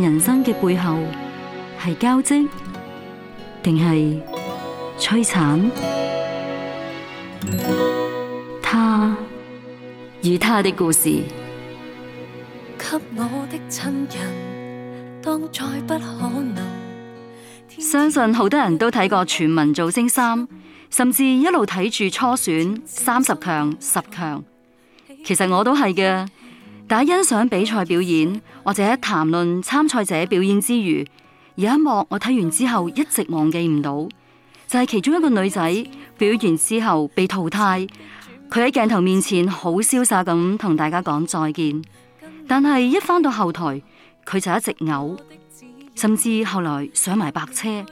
人生嘅背後係交織，定係摧殘？他與他的故事。給我的親人，當再不可能相信好多人都睇過《全民造星三》，甚至一路睇住初選、三十強、十強，其實我都係嘅。打欣賞比賽表演或者談論參賽者表演之餘，有一幕我睇完之後一直忘記唔到，就係其中一個女仔表演之後被淘汰，佢喺鏡頭面前好瀟灑咁同大家講再見，但係一返到後台佢就一直嘔，甚至後來上埋白車，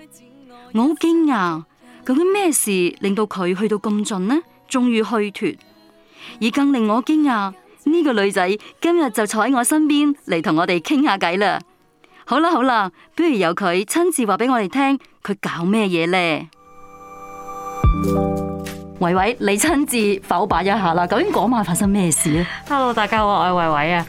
我好驚訝究竟咩事令到佢去到咁盡呢？終於虛脫，而更令我驚訝。呢個女仔今日就坐喺我身邊嚟同我哋傾下偈啦。好啦好啦，不如由佢親自話俾我哋聽，佢搞咩嘢呢？維維， 你親自剖白一下啦，究竟嗰晚發生咩事呢？Hello，大家好，我係維維啊。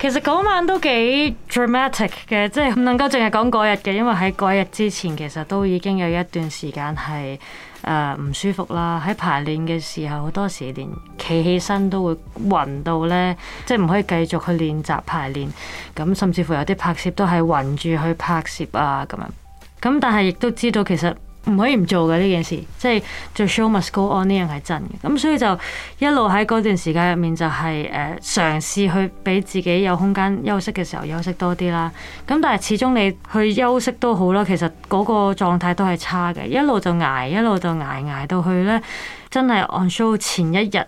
其實嗰晚都幾 dramatic 嘅，即係唔能夠淨係講嗰日嘅，因為喺嗰日之前，其實都已經有一段時間係。誒唔、呃、舒服啦，喺排練嘅時候，好多時連企起身都會暈到呢，即係唔可以繼續去練習排練。咁甚至乎有啲拍攝都係暈住去拍攝啊，咁樣。咁但係亦都知道其實，唔可以唔做嘅呢件事，即係 the show must go on，呢樣係真嘅。咁所以就一路喺嗰段時間入面就係、是、誒、uh, 嘗試去俾自己有空間休息嘅時候休息多啲啦。咁但係始終你去休息都好啦，其實嗰個狀態都係差嘅。一路就捱，一路就捱，捱到去呢，真係 on show 前一日，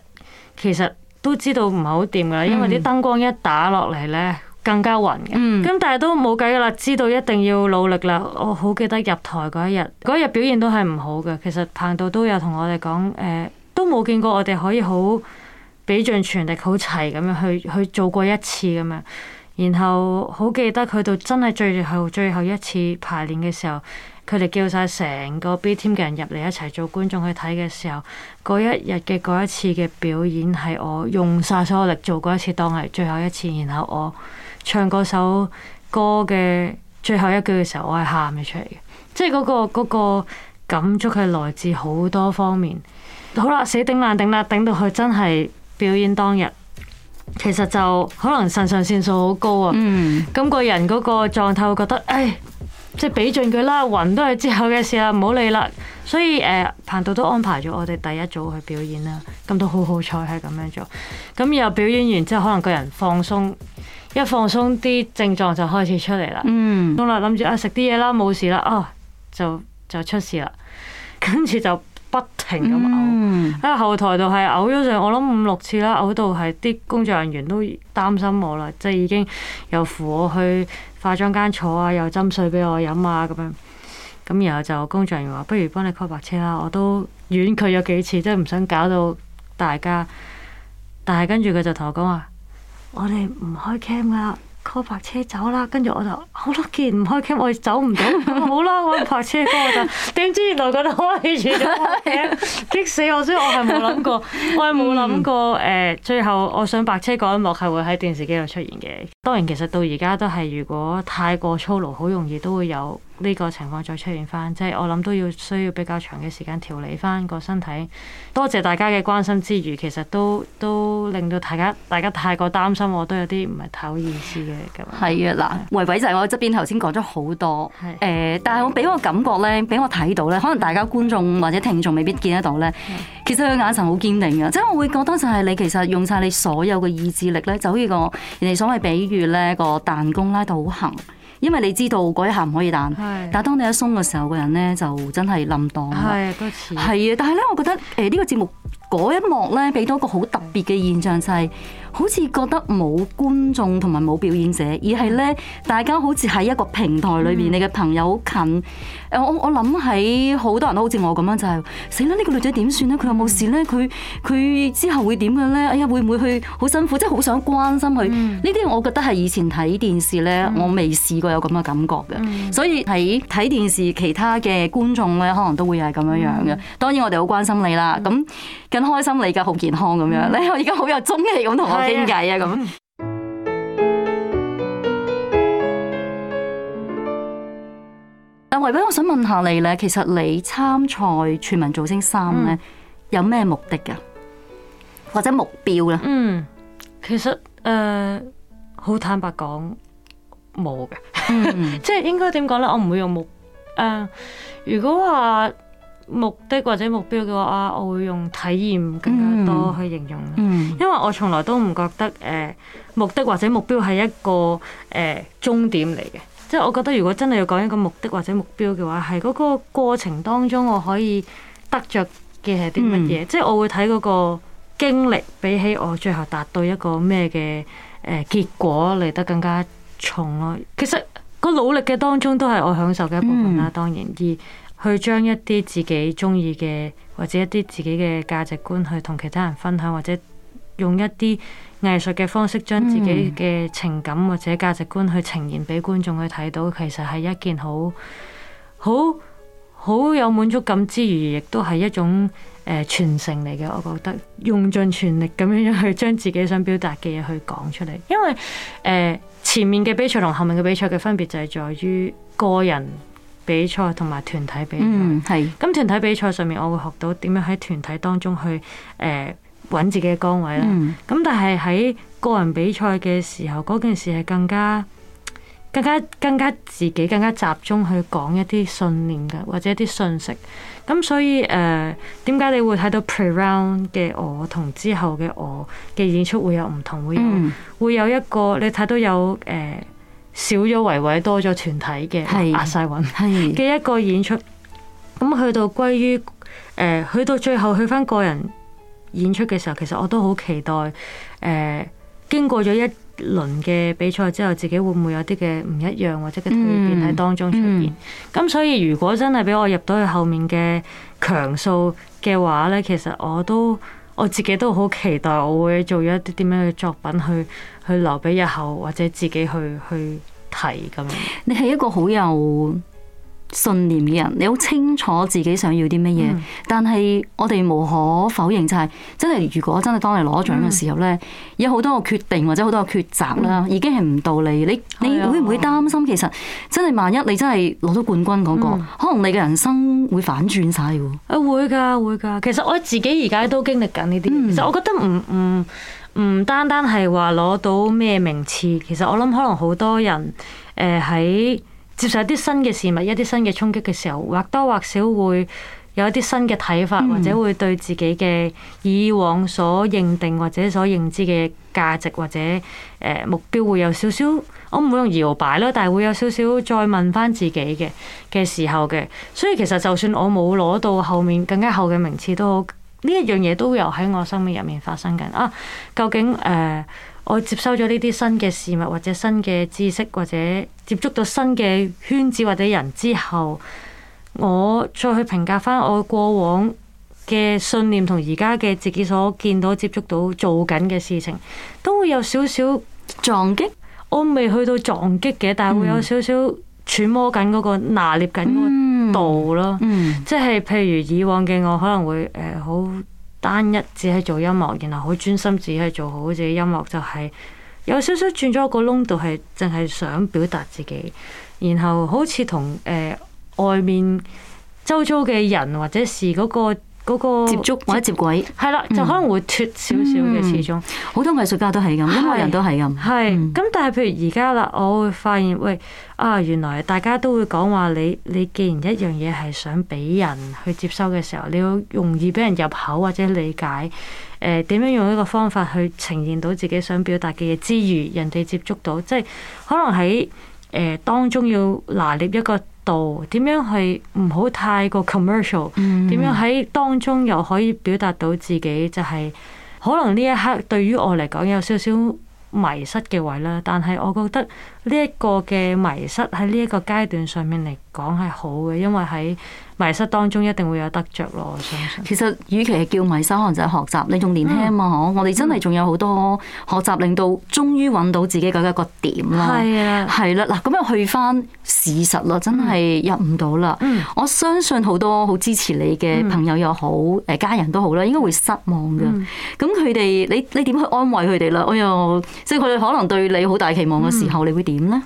其實都知道唔係好掂㗎喇，因為啲燈光一打落嚟呢。嗯更加暈嘅，咁、嗯、但係都冇計噶啦，知道一定要努力啦。我好記得入台嗰一日，嗰日表現都係唔好嘅。其實彭導都有同我哋講，誒、呃，都冇見過我哋可以好俾盡全力、好齊咁樣去去做過一次咁樣。然後好記得去到真係最後、最後一次排練嘅時候，佢哋叫晒成個 B Team 嘅人入嚟一齊做觀眾去睇嘅時候，嗰一日嘅嗰一次嘅表演係我用晒所有力做過一次，當係最後一次。然後我。唱嗰首歌嘅最後一句嘅時候，我係喊咗出嚟嘅，即係嗰、嗰個、嗰個感觸係來自好多方面。好啦，死頂爛頂啦，頂到佢真係表演當日，其實就可能腎上腺素好高啊。咁、嗯、個人嗰個狀態會覺得，誒，即係俾盡佢啦，暈都係之後嘅事啦，唔好理啦。所以誒、呃，彭導都安排咗我哋第一組去表演啦。咁都好好彩係咁樣做。咁又表演完之後，可能個人放鬆。一放鬆啲症狀就開始出嚟啦，咁啦諗住啊食啲嘢啦，冇事啦，啊、哦、就就出事啦，跟住就不停咁嘔，喺、嗯、後台度係嘔咗成我諗五六次啦，嘔到係啲工作人員都擔心我啦，即係已經又扶我去化妝間坐啊，又斟水俾我飲啊咁樣，咁然後就工作人員話不如幫你 call 白車啦，我都婉拒咗幾次，即係唔想搞到大家，但係跟住佢就同我講話。我哋唔開 cam 啦，call 白車走啦，跟住我就好啦，見唔開 cam 我走唔到，好啦，我，我白車哥就點知原來嗰度開住咗 c a 激死我！所以我係冇諗過， 我係冇諗過誒。嗯、最後我想白車嗰一幕係會喺電視機度出現嘅。當然其實到而家都係，如果太過粗勞，好容易都會有。呢個情況再出現翻，即係我諗都要需要比較長嘅時間調理翻個身體。多謝大家嘅關心之餘，其實都都令到大家大家太過擔心我，我都有啲唔係太好意思嘅咁。係啊的，嗱的，維維就係我側邊頭先講咗好多誒的、呃，但係我俾我感覺咧，俾我睇到咧，可能大家觀眾或者聽眾未必見得到咧。其實佢眼神好堅定嘅，即係我會覺得就係你其實用晒你所有嘅意志力咧，就好似個人哋所謂比喻咧個彈弓拉到好狠。因為你知道嗰一下唔可以彈，係啊，但係當你一鬆嘅時候，個人呢就真係冧檔㗎。係啊，都似係啊，但係呢，我覺得誒呢、呃呢個節目嗰一幕呢，俾到一個好特別嘅現象，係啊，就係、係。好似覺得冇觀眾同埋冇表演者，而係咧大家好似喺一個平台裏面。嗯、你嘅朋友近誒，我我諗喺好多人都好似我咁樣，就係死啦！呢、呢個女仔點算咧？佢有冇事咧？佢佢之後會點嘅咧？哎呀，會唔會去好辛苦？即係好想關心佢。呢啲、嗯、我覺得係以前睇電視咧，我未試過有咁嘅感覺嘅。嗯、所以喺睇電視，其他嘅觀眾咧，可能都會係咁樣樣嘅。嗯、當然我哋好關心你啦，咁、嗯、更開心你㗎，好健康咁樣。你我而家好有中氣咁同傾偈啊，咁。但係，唯本我想問下你咧，其實你參賽全民造星三咧，有咩目的㗎？或者目標咧？嗯，其實誒，好、呃、坦白講，冇嘅。 即係應該點講咧？我唔會用目、誒、呃，如果話。目的或者目標嘅話，啊，我會用體驗更加多去形容，嗯、因為我從來都唔覺得誒、呃、目的或者目標係一個誒、呃、終點嚟嘅。即係我覺得如果真係要講一個目的或者目標嘅話，係嗰個過程當中我可以得着嘅係啲乜嘢？嗯、即係我會睇嗰個經歷比起我最後達到一個咩嘅誒結果嚟得更加重咯。其實個努力嘅當中都係我享受嘅一部分啦，嗯、當然而。去將一啲自己中意嘅，或者一啲自己嘅價值觀去同其他人分享，或者用一啲藝術嘅方式將自己嘅情感或者價值觀去呈現俾觀眾去睇到，其實係一件好好好有滿足感之餘，亦都係一種誒、呃、傳承嚟嘅。我覺得用盡全力咁樣樣去將自己想表達嘅嘢去講出嚟，因為、呃、前面嘅比賽同後面嘅比賽嘅分別就係在於個人比賽同埋團體比賽，係咁、嗯、團體比賽上面，我會學到點樣喺團體當中去誒搵、呃、自己嘅崗位啦。咁、嗯、但係喺個人比賽嘅時候，嗰件事係更加更加更加自己更加集中去講一啲信念㗎，或者一啲信息。咁所以誒，點、呃、解你會睇到 pre-round 嘅我同之後嘅我嘅演出會有唔同，會有、嗯、會有一個你睇到有誒。呃少咗維維，多咗團體嘅，係壓晒韻嘅一個演出。咁去到歸於誒，去到最後去翻個人演出嘅時候，其實我都好期待誒、呃。經過咗一輪嘅比賽之後，自己會唔會有啲嘅唔一樣或者嘅蛻變喺當中出現？咁、嗯嗯、所以如果真係俾我入到去後面嘅強數嘅話呢，其實我都。我自己都好期待，我會做一啲點樣嘅作品去去留俾日後，或者自己去去提咁樣。你係一個好有～信念嘅人，你好清楚自己想要啲乜嘢。嗯、但係我哋無可否認、就是，就係真係，如果真係當你攞獎嘅時候咧，嗯、有好多個決定或者好多個抉擇啦，嗯、已經係唔道理。你你會唔會擔心？嗯、其實真係萬一你真係攞到冠軍嗰個，嗯、可能你嘅人生會反轉晒噶。會噶會噶。其實我自己而家都在經歷緊呢啲。嗯、其實我覺得唔唔唔單單係話攞到咩名次，其實我諗可能好多人誒喺。呃呃接受一啲新嘅事物，一啲新嘅衝擊嘅時候，或多或少會有一啲新嘅睇法，或者會對自己嘅以往所認定或者所認知嘅價值或者誒目標會有少少，我唔會用搖擺咯，但係會有少少再問翻自己嘅嘅時候嘅，所以其實就算我冇攞到後面更加後嘅名次都好，呢一樣嘢都有喺我生命入面發生緊啊！究竟誒。呃我接收咗呢啲新嘅事物或者新嘅知識或者接觸到新嘅圈子或者人之後，我再去評價翻我過往嘅信念同而家嘅自己所見到接觸到做緊嘅事情，都會有少少撞擊擊，我未去到撞擊嘅，但係會有少少揣摩緊嗰個拿捏緊嗰度咯。嗯嗯、即係譬如以往嘅我可能會誒好。單一只係做音樂，然後好專心，只係做好自己音樂，就係、是、有少少轉咗個窿度，係淨係想表達自己，然後好似同誒外面周遭嘅人或者事嗰、那個。嗰、那個接觸或者接軌，係啦了，嗯、就可能會脫少少嘅，始終好、嗯、多藝術家都係咁，是因為人都係咁。係咁是、嗯，但係譬如而家啦，我會發現，喂啊，原來大家都會講話你，你既然一樣嘢係想俾人去接收嘅時候，你要容易俾人入口或者理解，誒、呃、點樣用一個方法去呈現到自己想表達嘅嘢之餘，人哋接觸到，即、就、係、是、可能喺誒、呃、當中要拿捏一個。度點樣去唔好太過 commercial？嗯、點樣喺當中又可以表達到自己？就係、是、可能呢一刻對於我嚟講有少少迷失嘅位啦。但係我覺得呢一個嘅迷失喺呢一個階段上面嚟講係好嘅，因為喺。迷失當中一定會有得着咯，我相信。其實，與其係叫迷失，可能就係學習。你仲年輕嘛？嗯、我哋真係仲有好多學習，令到終於揾到自己嘅一個點啦。係啊，係啦，嗱，咁樣去翻事實啦，真係入唔到啦。嗯、我相信好多好支持你嘅朋友又好，誒、嗯、家人都好啦，應該會失望㗎。咁佢哋，你你點去安慰佢哋啦？哎呀，即係佢哋可能對你好大期望嘅時候，你會點呢？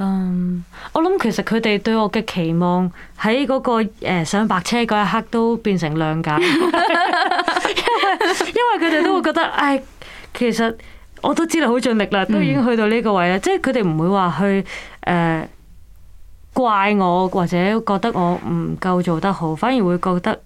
嗯，um, 我諗其實佢哋對我嘅期望喺嗰、那個誒、呃、上白車嗰一刻都變成諒解， 因為佢哋都會覺得，唉，其實我都知你好盡力啦，都已經去到呢個位啦，嗯、即係佢哋唔會話去誒、呃、怪我或者覺得我唔夠做得好，反而會覺得。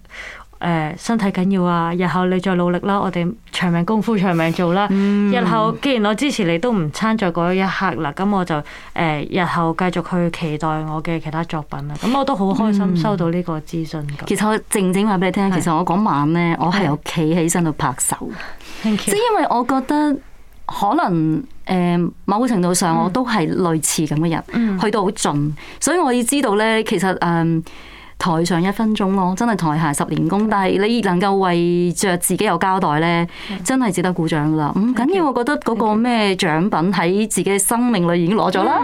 誒身體緊要啊！日後你再努力啦，我哋長命功夫長命做啦。嗯、日後既然我支持你都唔參再過一刻啦，咁我就誒、呃、日後繼續去期待我嘅其他作品啦。咁我都好開心收到呢個資訊、嗯。其實我靜靜話俾你聽，的其實我嗰晚呢，我係有企起身度拍手，即係的因為我覺得可能誒、呃、某程度上我都係類似咁嘅人，嗯、去到好盡，所以我要知道呢，其實誒，呃台上一分鐘咯，真係台下十年功。但係你能夠為着自己有交代呢，Yeah. 真係值得鼓掌噶啦。唔 Okay.、嗯、緊要，我覺得嗰個咩獎品喺自己嘅生命裏已經攞咗啦。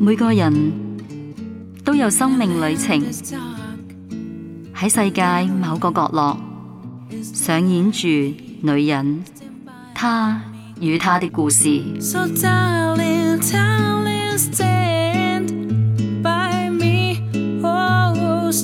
每個人都有生命旅程喺世界某個角落上演住女人，她與她的故事。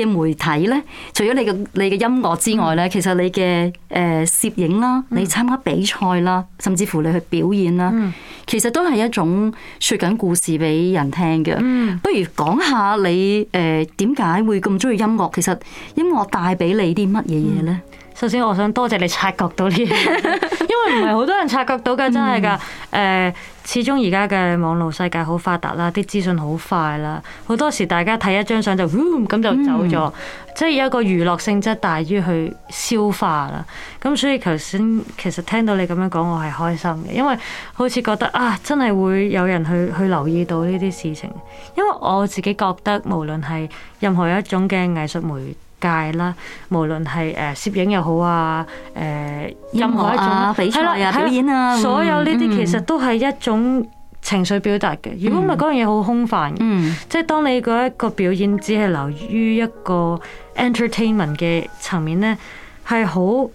嘅媒體咧，除咗你嘅你嘅音樂之外咧，其實你嘅誒、呃、攝影啦，你參加比賽啦，甚至乎你去表演啦，嗯、其實都係一種説緊故事俾人聽嘅。嗯、不如講下你誒點解會咁鍾意音樂？其實音樂帶俾你啲乜嘢嘢咧？嗯首先，我想多謝，謝你察覺到呢 因為唔係好多人察覺到㗎，真係㗎。誒、嗯，始終而家嘅網絡世界好發達啦，啲資訊好快啦，好多時大家睇一張相就咁就走咗，嗯、即係有一個娛樂性質大於去消化啦。咁所以頭先其實聽到你咁樣講，我係開心嘅，因為好似覺得啊，真係會有人去去留意到呢啲事情，因為我自己覺得無論係任何一種嘅藝術媒界啦，無論係誒攝影又好、呃、音樂啊，誒任何一種，係啦、啊，表演啊，演啊嗯、所有呢啲其實都係一種情緒表達嘅。嗯、如果唔係嗰樣嘢好空泛，嗯、即係當你嗰一個表演只係留於一個 entertainment 嘅層面呢，係好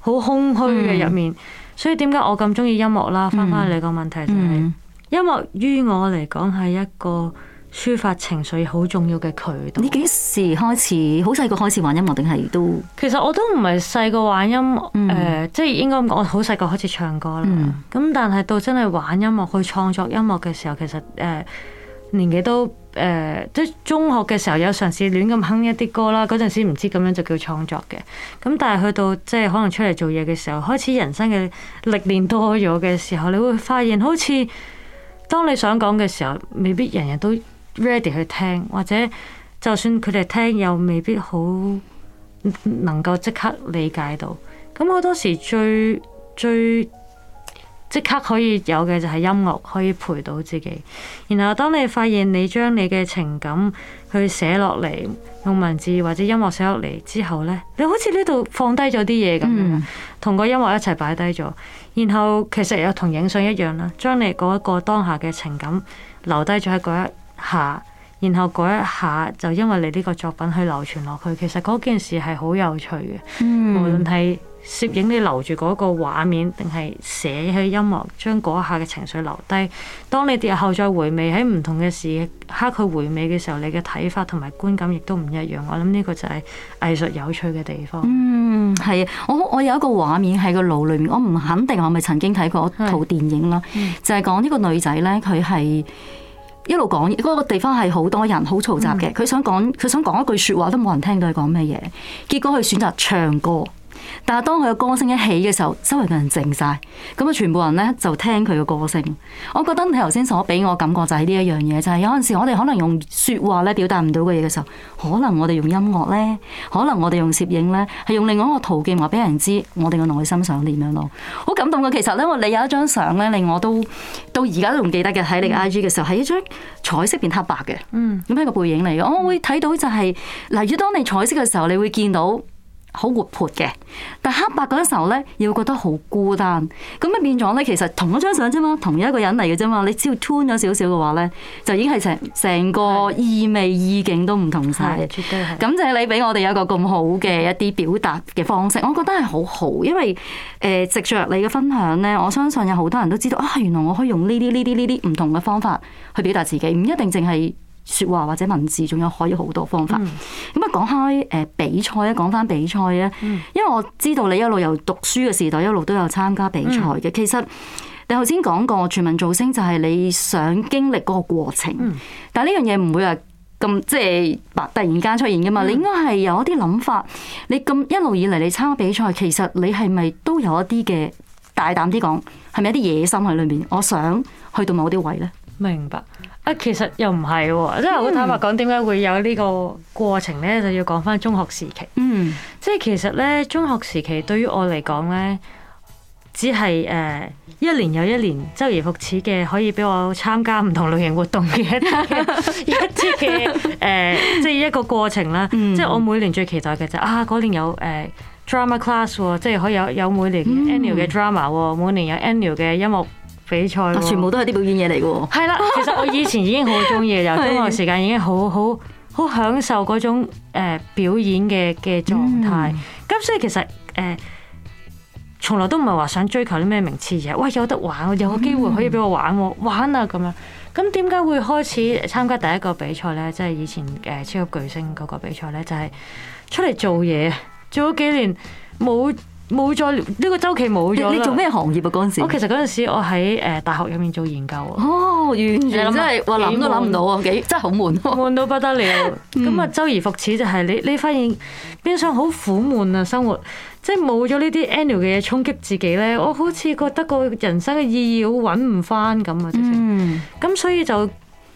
好空虛嘅入面。嗯、所以點解我咁中意音樂啦？翻返你個問題就係、是嗯嗯嗯、音樂於我嚟講係一個。抒發情緒好重要嘅渠道。你幾時開始？好細個開始玩音樂定係都？其實我都唔係細個玩音樂，誒、嗯、呃，即係應該我好細個開始唱歌啦。咁、嗯、但係到真係玩音樂、去創作音樂嘅時候，其實誒、呃、年紀都誒、呃，即中學嘅時候有嘗試亂咁哼一啲歌啦。嗰陣時唔知咁樣就叫創作嘅。咁但係去到即係可能出嚟做嘢嘅時候，開始人生嘅歷練多咗嘅時候，你會發現好似當你想講嘅時候，未必人人，人都。ready 去聽，或者就算佢哋聽又未必好能夠即刻理解到。咁好多時最最即刻可以有嘅就係音樂可以陪到自己。然後當你發現你將你嘅情感去寫落嚟，用文字或者音樂寫落嚟之後咧，你好似呢度放低咗啲嘢咁樣，同、嗯、個音樂一齊擺低咗。然後其實又同影相一樣啦，將你嗰一個當下嘅情感留低咗喺嗰一下，然後嗰一下就因為你呢個作品去流傳落去，其實嗰件事係好有趣嘅。嗯、無論係攝影你留住嗰個畫面，定係寫起音樂，將嗰一下嘅情緒留低。當你日後再回味喺唔同嘅時刻去回味嘅時候，你嘅睇法同埋觀感亦都唔一樣。我諗呢個就係藝術有趣嘅地方。嗯，係啊，我我有一個畫面喺個腦裏面，我唔肯定我咪曾經睇過一套電影囉，是就係講呢個女仔呢，佢係。一路講，嗰個地方係好多人、好嘈雜嘅。佢想講，佢想講一句説話都冇人聽到佢講咩嘢。結果佢選擇唱歌。但係當佢個歌聲一起嘅時候，周圍嘅人靜晒。咁啊全部人咧就聽佢嘅歌聲。我覺得你頭先所俾我感覺就係呢一樣嘢，就係、是、有陣時我哋可能用説話咧表達唔到嘅嘢嘅時候，可能我哋用音樂咧，可能我哋用攝影咧，係用另外一個途徑話俾人知我哋嘅內心想點樣咯。好感動嘅，其實咧，我你有一張相咧令我都到而家都仲記得嘅，喺你嘅 I G 嘅時候，係一張彩色變黑白嘅，嗯，咁係個背影嚟嘅。我會睇到就係、是、例如當你彩色嘅時候，你會見到。好活潑嘅，但黑白嗰陣時候呢，又會覺得好孤單。咁樣變咗呢？其實同一張相啫嘛，同一一個人嚟嘅啫嘛。你只要 turn 咗少少嘅話呢，就已經係成成個意味意境都唔同晒。絕對係。感謝你俾我哋有個咁好嘅一啲表達嘅方式，我覺得係好好，因為誒、呃、藉著你嘅分享呢，我相信有好多人都知道啊，原來我可以用呢啲呢啲呢啲唔同嘅方法去表達自己，唔一定淨係。說話或者文字，仲有可以好多方法。咁啊、嗯，講開誒、呃、比賽咧，講翻比賽咧，嗯、因為我知道你一路由讀書嘅時代一路都有參加比賽嘅。其實你頭先講過全民造星，就係你想經歷嗰個過程。但係呢樣嘢唔會話咁即係突然間出現嘅嘛。你應該係有一啲諗法。你咁一路以嚟你參加比賽，其實你係咪都有一啲嘅大膽啲講，係咪一啲野心喺裏面？我想去到某啲位呢，明白。其實又唔係喎，即係好坦白講，點解會有呢個過程咧？就要講返中學時期。嗯，即係其實咧，中學時期對於我嚟講咧，只係誒、uh, 一年又一年周而復始嘅可以俾我參加唔同類型活動嘅一啲嘅誒，即係 一個過程啦。 即係我每年最期待嘅就係、是、啊，嗰年有誒、uh, drama class，即係可以有有每年 annual 嘅 drama、嗯、每年有 annual 嘅音樂。比賽、啊、全部都係啲表演嘢嚟嘅喎，係啦。 其實我以前已經好中意， 由中學時間已經好好好享受嗰種、呃、表演嘅嘅狀態。咁、嗯、所以其實誒、呃，從來都唔係話想追求啲咩名次嘢。喂，有得玩，有個機會可以俾我玩喎，嗯、玩啊咁樣。咁點解會開始參加第一個比賽呢？即、就、係、是、以前誒、呃、超級巨星嗰個比賽呢，就係、是、出嚟做嘢做咗幾年冇。冇再呢個周期冇咗你，你做咩行業啊？嗰陣時？我其實嗰陣時我喺誒大學入面做研究哦，完全真係我諗都諗唔到啊！幾真係好悶，悶到不得了。咁啊、 嗯，周而復始就係、是、你你發現變相好苦悶啊！生活即係冇咗呢啲 annual 嘅嘢衝擊自己咧，我好似覺得個人生嘅意義好揾唔翻咁啊！嗯，咁所以就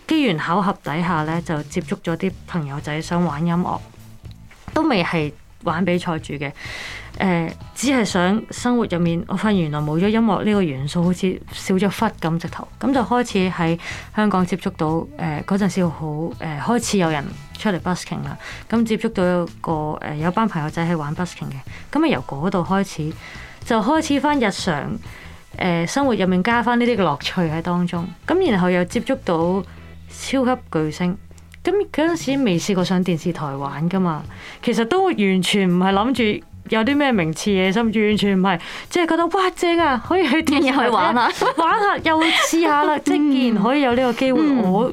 機緣巧合底下咧，就接觸咗啲朋友仔想玩音樂，都未係玩比賽住嘅。誒、呃，只係想生活入面，我發現原來冇咗音樂呢個元素，好似少咗忽咁直頭。咁就開始喺香港接觸到誒嗰陣時，好、呃、誒開始有人出嚟 busking 啦。咁接觸到一個誒、呃、有班朋友仔係玩 busking 嘅，咁啊由嗰度開始就開始翻日常誒、呃、生活入面加翻呢啲嘅樂趣喺當中。咁然後又接觸到超級巨星，咁嗰陣時未試過上電視台玩㗎嘛。其實都完全唔係諗住。有啲咩名次嘅心完全唔係，即係覺得哇正啊，可以去電影去玩下，玩下 又試下啦。嗯、即係既然可以有呢個機會，嗯、我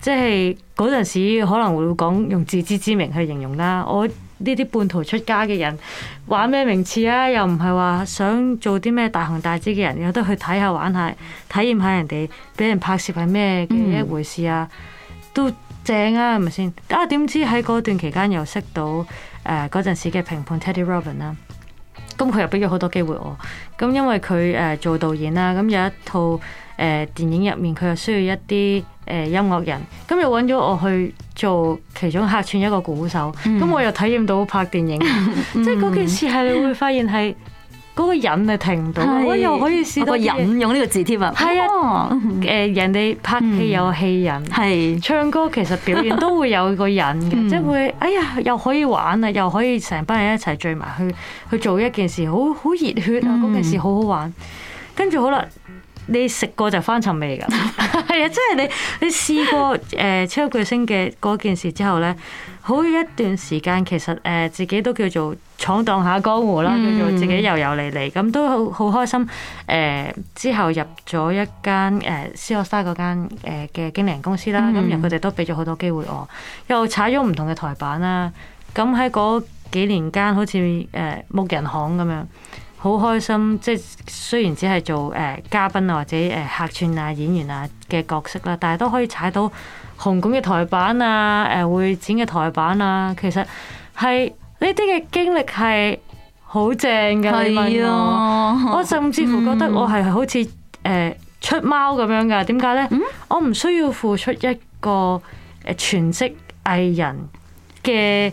即係嗰陣時可能會講用自知之明去形容啦。我呢啲半途出家嘅人，玩咩名次啊？又唔係話想做啲咩大紅大紫嘅人，有得去睇下玩下，體驗下人哋俾人拍攝係咩一回事啊？嗯、都正啊，係咪先？啊，點知喺嗰段期間又識到誒嗰陣時嘅評判 Teddy Robin 啦，咁佢又俾咗好多機會我，咁因為佢誒做導演啦，咁有一套誒、呃、電影入面佢又需要一啲誒、呃、音樂人，咁又搵咗我去做其中客串一個鼓手，咁我又體驗到拍電影，即係嗰件事係你會，會發現係。嗯 嗰個癮咪停到，我是又可以試過。個癮用呢個字添啊！係啊、嗯，誒人哋拍戲有戲癮，係、嗯、唱歌其實表現都會有個癮嘅，嗯、即係會哎呀又可以玩啊，又可以成班人一齊聚埋去去做一件事，好好熱血啊！嗰、嗯、件事好好玩，跟住好啦，你食過就翻尋味㗎，係、嗯、 啊！即、就、係、是、你你試過誒超、呃、巨星嘅嗰件事之後咧。好一段時間，其實誒自己都叫做闖蕩下江湖啦，嗯、叫做自己遊遊嚟嚟，咁都好好開心。誒之後入咗一間誒斯洛沙嗰間誒嘅經理人公司啦，咁入佢哋都俾咗好多機會我，又踩咗唔同嘅台板啦。咁喺嗰幾年間，好似誒木人巷咁樣，好開心。即係雖然只係做誒嘉賓啊，或者誒客串啊、演員啊嘅角色啦，但係都可以踩到。紅館嘅台板啊，誒，會展嘅台板啊，其實係呢啲嘅經歷係好正嘅。係啊，你問我，我甚至乎覺得我係好似誒、嗯、出貓咁樣噶，點解咧？嗯、我唔需要付出一個誒全職藝人嘅。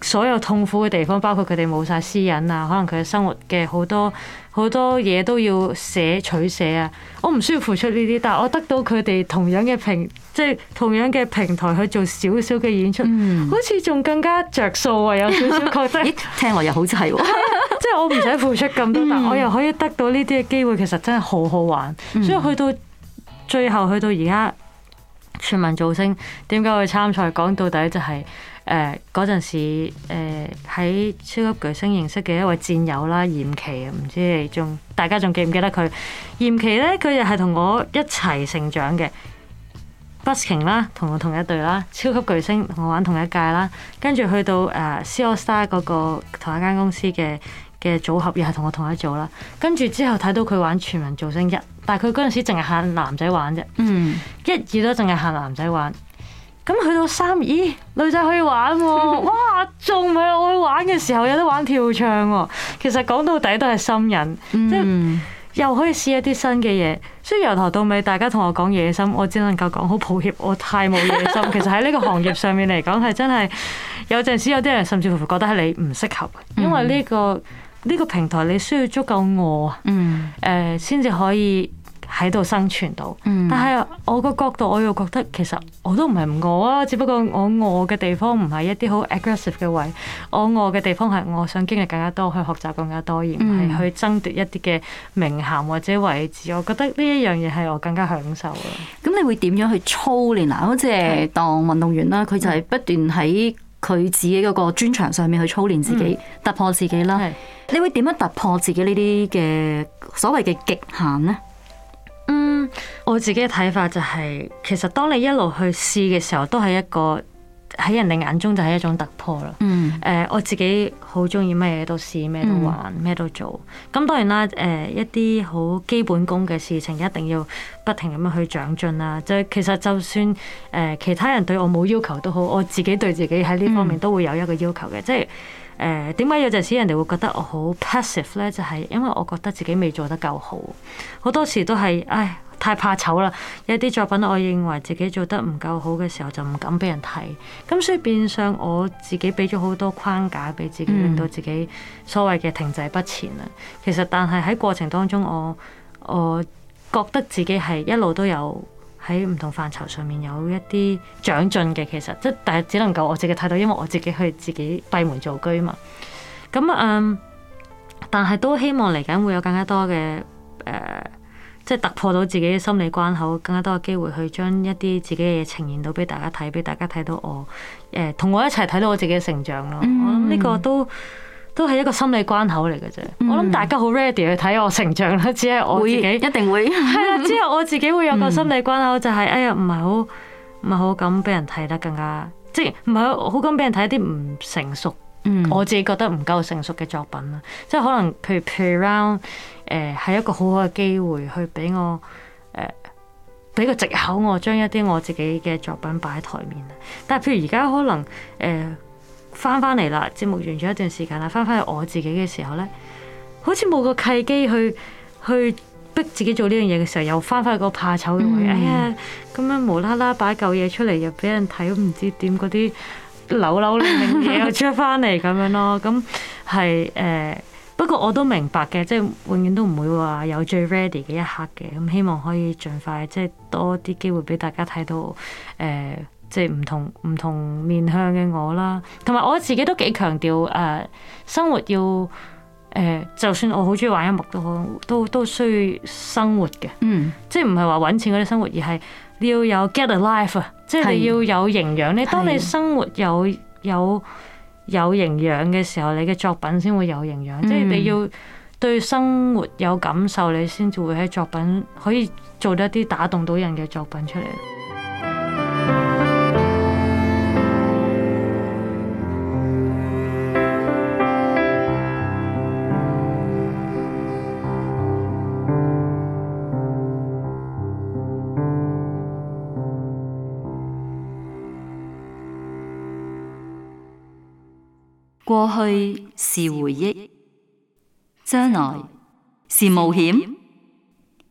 所有痛苦嘅地方，包括佢哋冇晒私隱啊，可能佢嘅生活嘅好多好多嘢都要捨取捨啊。我唔需要付出呢啲，但係我得到佢哋同樣嘅平，即係同樣嘅平台去做少少嘅演出，嗯、好似仲更加着數啊！有少少覺得，嗯就是、咦，聽落又好似係喎、哦， 即係我唔使付出咁多，但我又可以得到呢啲嘅機會，其實真係好好玩。嗯、所以去到最後去到而家全民造星，點解會參賽講到底就係、是。誒嗰陣時，喺、呃、超級巨星認識嘅一位戰友啦，嚴琦啊，唔知你仲大家仲記唔記得佢？嚴琦呢，佢又係同我一齊成長嘅，busking 啦，同我同一隊啦，超級巨星同我玩同一屆啦，跟住去到誒、呃、C AllStar 嗰個同一間公司嘅嘅組合，又係同我同一組啦，跟住之後睇到佢玩全民造星1、嗯、一，但係佢嗰陣時淨係限男仔玩啫，一二都淨係限男仔玩。咁去到三，咦，女仔可以玩喎，哦，哇，仲唔係我去玩嘅時候有得玩跳唱喎，哦。其實講到底都係心癮，嗯、即係又可以試一啲新嘅嘢。所以由頭到尾，大家同我講野心，我只能夠講好抱歉，我太冇野心。其實喺呢個行業上面嚟講，係 真係有陣時有啲人甚至乎覺得係你唔適合，因為呢個呢個平台你需要足夠餓，嗯，誒、呃，先至可以喺度生存到，但係我個角度我又覺得其實我都唔係唔餓啊，只不過我餓嘅地方唔係一啲好 aggressive 嘅位，我餓嘅地方係我想經歷更加多，去學習更加多，而唔係去爭奪一啲嘅名銜或者位置。我覺得呢一樣嘢係我更加享受咯。咁你會點樣去操練啊？好似當運動員啦，佢就係不斷喺佢自己嗰個專長上面去操練自己，嗯、突破自己啦。是你會點樣突破自己呢啲嘅所謂嘅極限呢？嗯，我自己嘅睇法就係、是，其實當你一路去試嘅時候，都係一個喺人哋眼中就係一種突破啦。嗯，誒、呃，我自己好中意咩嘢都試，咩都玩，咩都做。咁當然啦，誒、呃，一啲好基本功嘅事情，一定要不停咁樣去長進啦。即係其實就算誒、呃、其他人對我冇要求都好，我自己對自己喺呢方面都會有一個要求嘅，嗯、即係。誒點解有陣時人哋會覺得我好 passive 呢？就係、是、因為我覺得自己未做得夠好，好多時都係唉太怕醜啦。有啲作品，我認為自己做得唔夠好嘅時候就，就唔敢俾人睇。咁所以變相我自己俾咗好多框架俾自己，令到自己所謂嘅停滯不前啦。其實但係喺過程當中我，我我覺得自己係一路都有。喺唔同範疇上面有一啲長進嘅，其實即但係只能夠我自己睇到，因為我自己去自己閉門造車嘛。咁誒、嗯，但係都希望嚟緊會有更加多嘅誒、呃，即係突破到自己嘅心理關口，更加多嘅機會去將一啲自己嘅嘢呈現到俾大家睇，俾大家睇到我誒、呃、同我一齊睇到我自己嘅成長咯。嗯、我諗呢個都。都係一個心理關口嚟嘅啫，mm hmm. 我諗大家好 ready 去睇我成長啦，只係我自己一定會係啦。 之後我自己會有個心理關口，就係，就係、mm hmm. 哎呀，唔係好唔係好敢俾人睇得更加，即係唔係好敢俾人睇一啲唔成熟。Mm hmm. 我自己覺得唔夠成熟嘅作品啦，mm hmm. 即係可能譬如 play around 係，呃、一個好好嘅機會去俾我誒，俾、呃、個藉口我將一啲我自己嘅作品擺喺台面，但係譬如而家可能誒。呃呃翻翻嚟啦，節目完咗一段時間啦，翻翻嚟我自己嘅時候呢，好似冇個契機去去逼自己做呢樣嘢嘅時候，又翻返個怕醜嘅我，嗯、哎呀，咁樣無啦啦擺嚿嘢出嚟又俾人睇，都唔知點嗰啲扭扭擰擰嘅嘢又出翻嚟咁樣咯，咁係誒。不過我都明白嘅，即係永遠都唔會話有最 ready 嘅一刻嘅，咁希望可以盡快即係多啲機會俾大家睇到誒。呃即係唔同唔同面向嘅我啦，同埋我自己都幾強調誒、呃、生活要誒、呃，就算我好中意玩音樂都好都都需要生活嘅，嗯，即係唔係話揾錢嗰啲生活，而係你要有 get a life 啊，即係你要有營養咧。是你當你生活有有有營養嘅時候，你嘅作品先會有營養，嗯、即係你要對生活有感受，你先至會喺作品可以做一啲打動到人嘅作品出嚟。過去是回憶，將來是冒險，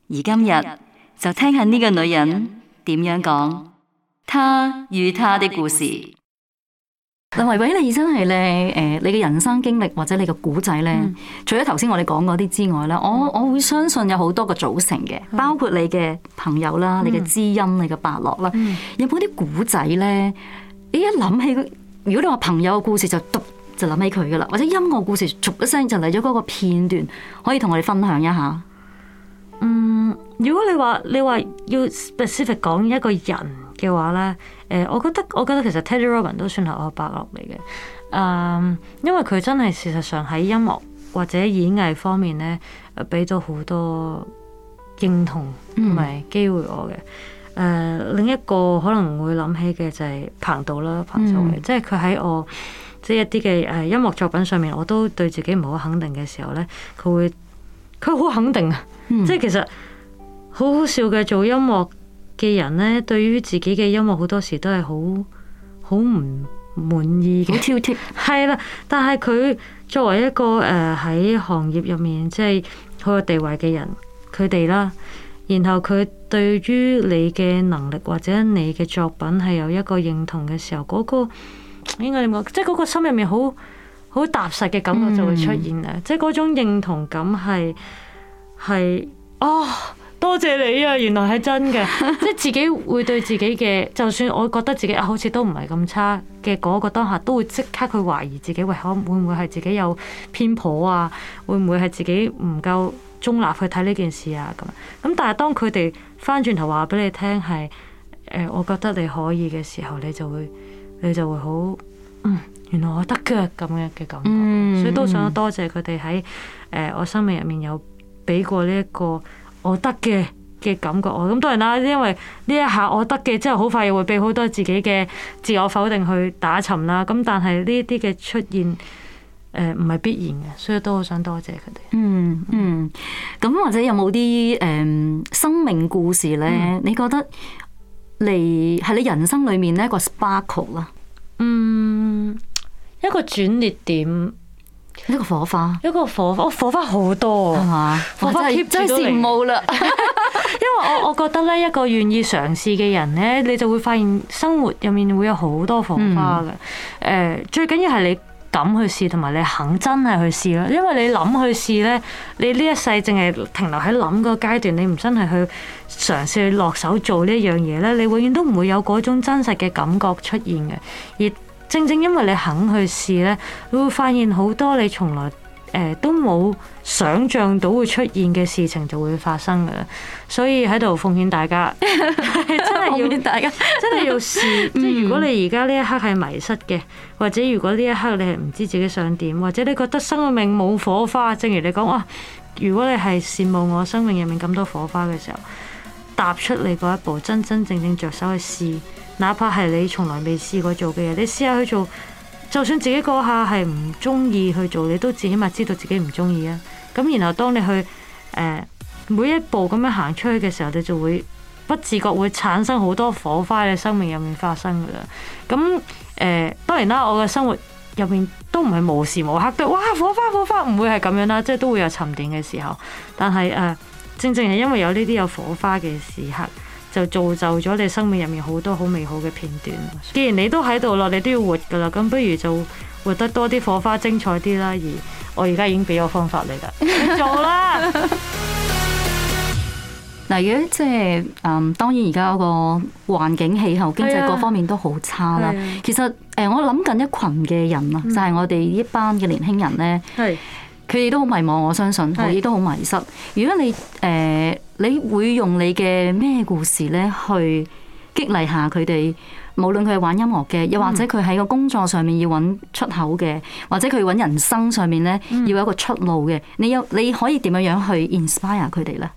而今日就聽下呢個女人點樣講她與她的故事。嗱，維、呃、維，你真係咧，誒，你嘅人生經歷或者你嘅古仔咧，嗯、除咗頭先我哋講嗰啲之外咧，我、嗯、我會相信有好多個組成嘅，包括你嘅朋友啦，嗯、你嘅知音，你嘅伯樂啦，嗯嗯、有冇啲古仔咧？你一諗起，如果你話朋友嘅故事就獨。就諗起佢噶啦，或者音樂故事，逐一聲就嚟咗嗰個片段，可以同我哋分享一下。嗯，如果你話你話要 specific 講一個人嘅話咧，誒、呃，我覺得我覺得其實 Teddy Robin 都算係我伯樂嚟嘅，誒、嗯，因為佢真係事實上喺音樂或者演藝方面咧，俾咗好多認同同埋機會我嘅。誒、呃，另一個可能會諗起嘅就係彭導啦，彭祖偉，嗯、即係佢喺我。即一啲嘅誒音樂作品上面，我都對自己唔係好肯定嘅時候呢，佢會佢好肯定啊！嗯、即其實好好笑嘅，做音樂嘅人呢，對於自己嘅音樂好多時都係好好唔滿意嘅。挑剔係啦，但係佢作為一個誒喺、呃、行業入面即係好有地位嘅人，佢哋啦，然後佢對於你嘅能力或者你嘅作品係有一個認同嘅時候，嗰、嗰個。應該點講，即係嗰個心入面好好踏實嘅感覺就會出現啊！嗯、即係嗰種認同感係係哦，多謝你啊！原來係真嘅， 即係自己會對自己嘅，就算我覺得自己啊，好似都唔係咁差嘅嗰個當下，都會即刻去懷疑自己，喂，可會唔會係自己有偏頗啊？會唔會係自己唔夠中立去睇呢件事啊？咁咁，但係當佢哋翻轉頭話俾你聽係誒，我覺得你可以嘅時候，你就會你就會好。原來我得嘅，咁樣嘅感覺，嗯、所以都想多謝佢哋喺，誒，我生命入面有俾過呢一個我得嘅嘅感覺。我咁當然啦，因為呢一下我得嘅，之後好快又會俾好多自己嘅自我否定去打沉啦。咁但係呢啲嘅出現唔係必然嘅，所以都好想多謝佢哋，嗯。嗯嗯，咁或者有冇啲誒生命故事呢？嗯、你覺得嚟，係你人生裏面呢一個 sparkle 啦？嗯，一個轉捩點，一個火花，一個火花，哦，火花好多，係嘛？火花 keep 住都嚟，因為我我覺得咧，一個願意嘗試嘅人咧，你就會發現生活入面會有好多火花嘅。誒、嗯、呃，最緊要係你。敢去試同埋你肯真係去試咯，因為你諗去試呢，你呢一世淨係停留喺諗嗰階段，你唔真係去嘗試去落手做呢一樣嘢呢，你永遠都唔會有嗰種真實嘅感覺出現嘅。而正正因為你肯去試呢，你會發現好多你從來都冇想象到會出現嘅事情就會發生嘅。所以喺度奉勸大家， 真係要勸大家， 真係要試。 即係如果你而家呢一刻係迷失嘅，或者如果呢一刻你係唔知自己想點，或者你覺得生命冇火花，正如你講啊，如果你係羨慕我生命入面咁多火花嘅時候，踏出你嗰一步，真真正正着手去試，哪怕係你從來未試過做嘅嘢，你試下去做。就算自己嗰下係唔中意去做，你都至少咪知道自己唔中意啊！咁然後當你去誒、呃、每一步咁樣行出去嘅時候，你就會不自覺會產生好多火花喺你生命入面發生噶啦。咁、嗯、誒、呃，當然啦，我嘅生活入面都唔係無時無刻都哇火花火花，唔會係咁樣啦，即係都會有沉澱嘅時候。但係誒、呃，正正係因為有呢啲有火花嘅時刻。就造就咗你生命入面好多好美好嘅片段。既然你都喺度啦，你都要活㗎啦，咁不如就活得多啲火花，精彩啲啦。而我而家已經俾咗方法你啦，你做啦。嗱，如果即係嗯，當然而家嗰個環境、氣候、經濟各方面都好差啦。係其實誒，我諗緊一群嘅人啊，就係、係、我哋呢班嘅年輕人咧，佢哋係都好迷茫，我相信佢哋係都好迷失。如果你誒。呃你會用你嘅咩故事呢去激勵下佢哋？無論佢係玩音樂嘅，又或者佢喺個工作上面要揾出口嘅，或者佢揾人生上面呢要有一個出路嘅，你有你可以點樣樣去 inspire 佢哋呢？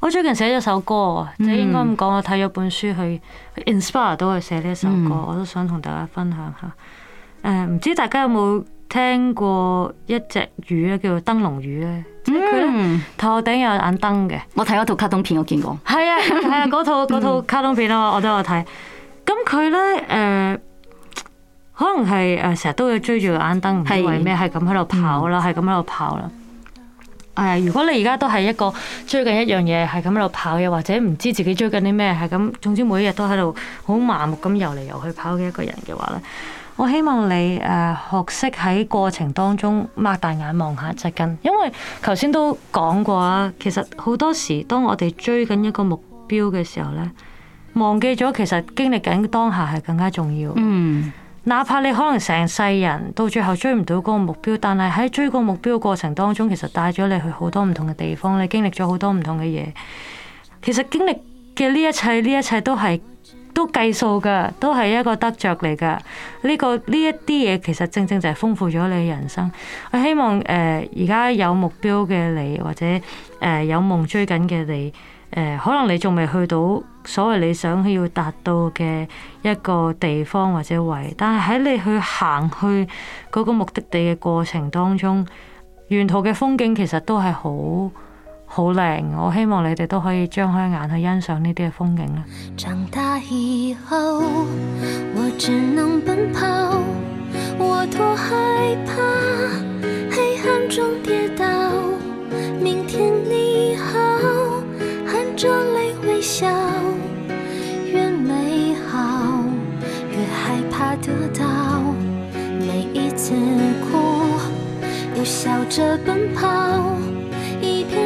我最近寫咗首歌，即係應該咁講，我睇咗本書去 inspire 到佢寫呢一首歌，嗯、我都想同大家分享下。呃、唔知大家有冇？聽過一隻魚咧，叫做燈籠魚咧，即係佢頭頂有眼燈嘅。我睇嗰套卡通片，我見過。係啊係啊，嗰、 啊、套套卡通片啊，我都有睇。咁佢咧誒，可能係誒成日都要追住個眼燈，唔知為咩係咁喺度跑啦，係咁喺度跑啦。係、哎、如果你而家都係一個追緊一樣嘢，係咁喺度跑嘅，或者唔知自己追緊啲咩，係咁，總之每一日都喺度好麻木咁游嚟游去跑嘅一個人嘅話咧。我希望你誒、啊、學識喺過程當中擘大眼望下隻根，因為頭先都講過啊。其實好多時當我哋追緊一個目標嘅時候咧，忘記咗其實經歷緊當下係更加重要。嗯，哪怕你可能成世人到最後追唔到嗰個目標，但係喺追個目標過程當中，其實帶咗你去好多唔同嘅地方，你經歷咗好多唔同嘅嘢。其實經歷嘅呢一切，呢一切都係。都計數㗎，都係一個得着嚟㗎。呢、這個呢一啲嘢其實正正就係豐富咗你嘅人生。我希望誒而家有目標嘅你，或者誒、呃、有夢追緊嘅你，誒、呃、可能你仲未去到所謂你想要達到嘅一個地方或者位，但係喺你去行去嗰個目的地嘅過程當中，沿途嘅風景其實都係好。好靚，我希望你哋都可以張開眼去欣賞呢啲嘅風景。長大以後，我只能奔跑。我多害怕，黑暗中跌倒。明天你好，含着淚微笑。越美好，越害怕得到。每一次哭，又笑著奔跑。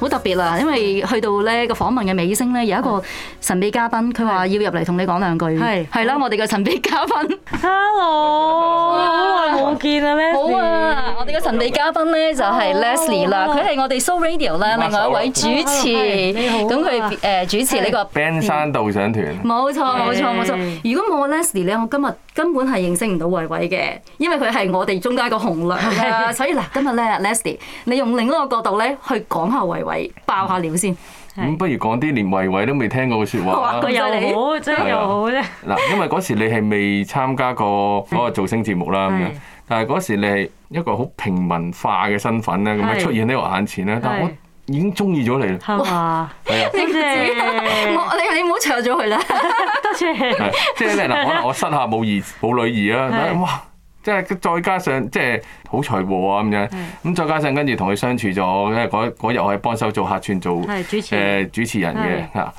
好特別啦，因為去到咧個訪問嘅尾聲咧，有一個神秘嘉賓，佢話要入嚟同你講兩句。係係啦，我哋嘅神秘嘉賓，Hello，好耐冇見啊，Leslie。好啊，我哋嘅神秘嘉賓咧就係 Leslie 啦，佢係我哋 So Radio 咧另外一位主持。你好。咁佢誒主持呢個 Band 山導賞團。冇錯冇錯冇錯。如果冇 Leslie 咧，我今日根本係認識唔到維維嘅，因為佢係我哋中間個紅娘啦。所以嗱，今日咧 Leslie，你用另一個角度咧去講下。維維爆下料先，咁、嗯、不如講啲連維維都未聽過嘅說話，佢真係又好，真係又好咧。嗱、啊，因為嗰時你係未參加過、嗰個造星節目啦，咁樣，但係嗰時你係一個好平民化嘅身份咧，咁啊是 出現喺我眼前啦。是是但係我已經中意咗你啦。係嘛？你唔你唔好唱咗佢啦，多謝。即係咧嗱，可能我膝下冇兒冇女兒啦，是 哇！即再加上即係好財和啊咁樣，咁再加上跟住同佢相處咗，即係嗰日我係幫手做客串做誒主持人嘅啊，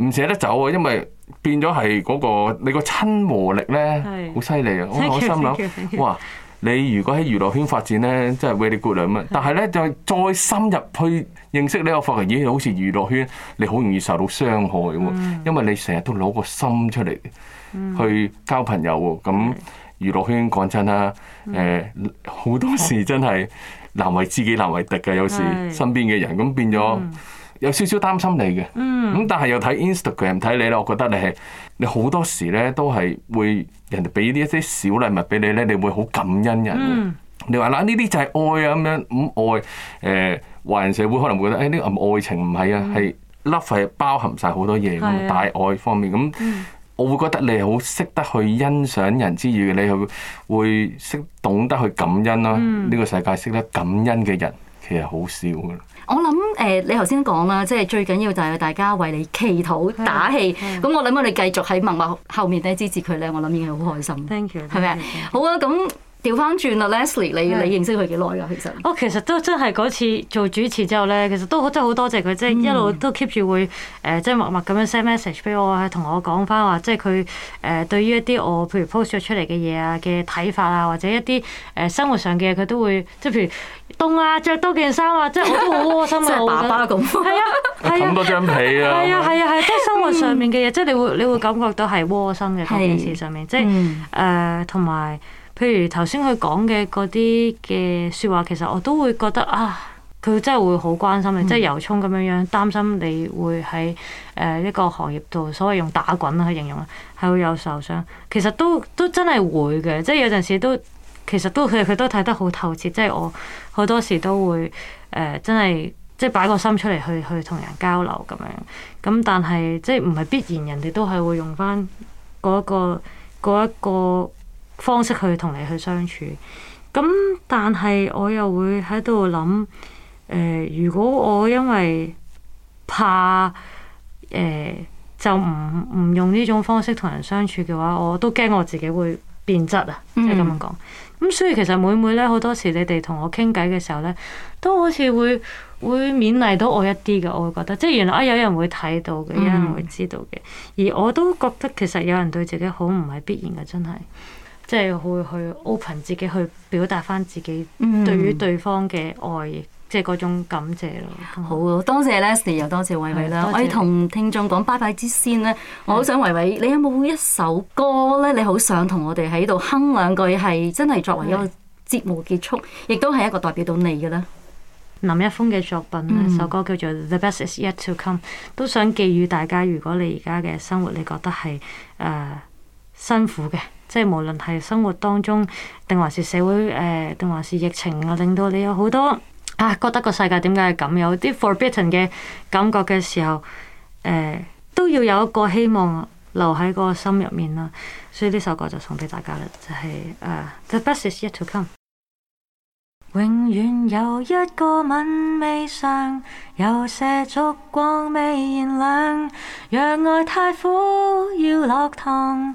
唔捨得走啊，因為變咗係嗰個你個親和力咧好犀利啊！我心諗哇，你如果喺娛樂圈發展咧，真係 very good 咁樣。但係咧就再深入去認識咧，我發現咦好似娛樂圈你好容易受到傷害喎，因為你成日都攞個心出嚟去交朋友喎咁。娛樂圈講真啦，誒好、嗯呃、多時真係難為知己難為敵嘅。有時身邊嘅人咁是變咗有少少擔心你嘅，咁、嗯、但係又睇 Instagram 睇你啦，我覺得你係你好多時咧都係會人哋俾呢一啲小禮物俾你咧，你會好感恩人、嗯、你話嗱呢啲就係愛啊咁樣咁、嗯、愛誒、呃、華人社會可能會覺得誒呢啲唔愛情唔係啊，係、嗯、love 係包含晒好多嘢㗎、嗯、大愛方面咁。嗯嗯我會覺得你好識得去欣賞人之餘，你係會識懂得去感恩咯、啊。呢、嗯、個世界識得感恩嘅人其實好少㗎。我諗誒、呃，你頭先講啦，即係最緊要就係大家為你祈禱打氣。咁我諗我哋繼續喺默默後面呢支持佢咧，我諗已經係好開心。Thank you，係咪啊？Thank you, thank you. 好啊，咁。調翻轉啊 Leslie 你你認識佢幾耐噶？其實哦，其實都真係嗰次做主持之後咧，其實都真係好多謝佢，即係一路都 keep 住會誒即係默默咁樣 send message 俾我同我講翻話，即係佢誒對於一啲我譬如 post 咗出嚟嘅嘢啊嘅睇法啊，或者一啲誒生活上嘅嘢，佢都會即係譬如凍啊，着多件衫啊，即係我都好窩心啊，即爸爸咁，係啊，冚多張被啊，係啊係啊係，即係生活上面嘅嘢，即係你會你會感覺到係窩心嘅嗰件事上面，即係誒同埋。譬如頭先佢講嘅嗰啲嘅説話，其實我都會覺得啊，佢真係會好關心你，嗯、即係由衷咁樣樣，擔心你會喺誒呢個行業度，所謂用打滾去形容，係會有受傷。其實都都真係會嘅，即係有陣時都其實都佢佢都睇得好透徹，即係我好多時都會誒、呃、真係即係擺個心出嚟去去同人交流咁樣。咁、嗯、但係即係唔係必然人哋都係會用翻嗰一個嗰一個方式去同你去相處，咁但係我又會喺度諗誒。如果我因為怕誒、呃，就唔唔用呢種方式同人相處嘅話，我都驚我自己會變質啊。即係咁樣講咁，所以其實每每咧好多時，你哋同我傾偈嘅時候咧，都好似會會勉勵到我一啲嘅。我會覺得即係原來啊，有人會睇到嘅，Mm-hmm. 有人會知道嘅。而我都覺得其實有人對自己好唔係必然嘅，真係。即係會去 open 自己，去表達翻自己對於對方嘅愛，mm. 即係嗰種感謝咯。好，多謝 Leslie，又多謝維維啦。謝我同聽眾講拜拜之先咧，的我好想維維，你有冇一首歌咧？你好想同我哋喺度哼兩句，係真係作為一個節目結束，亦都係一個代表到你嘅呢？林一峰嘅作品一、mm. 首歌叫做《The Best Is Yet to Come》，都想寄予大家。如果你而家嘅生活你覺得係誒、uh, 辛苦嘅。即係無論係生活當中，定還是社會誒，定、呃、還是疫情啊，令到你有好多啊覺得個世界點解係咁有啲 forbidden 嘅感覺嘅時候，誒、呃、都要有一個希望留喺個心入面啦。所以呢首歌就送俾大家啦，就係、是、啊、uh,，The best is yet to come。永遠有一個吻未上，有些燭光未燃亮，若愛太苦要落糖。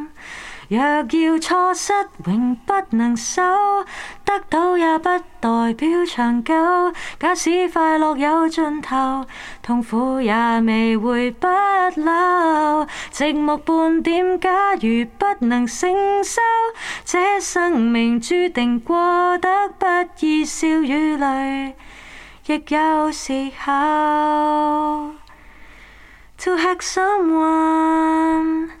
若要錯失，永不能收；得到也不代表長久。假使快樂有盡頭，痛苦也未會不老。寂寞半點，假如不能承受，這生命注定過得不易。笑與淚，亦有時候。To hug someone。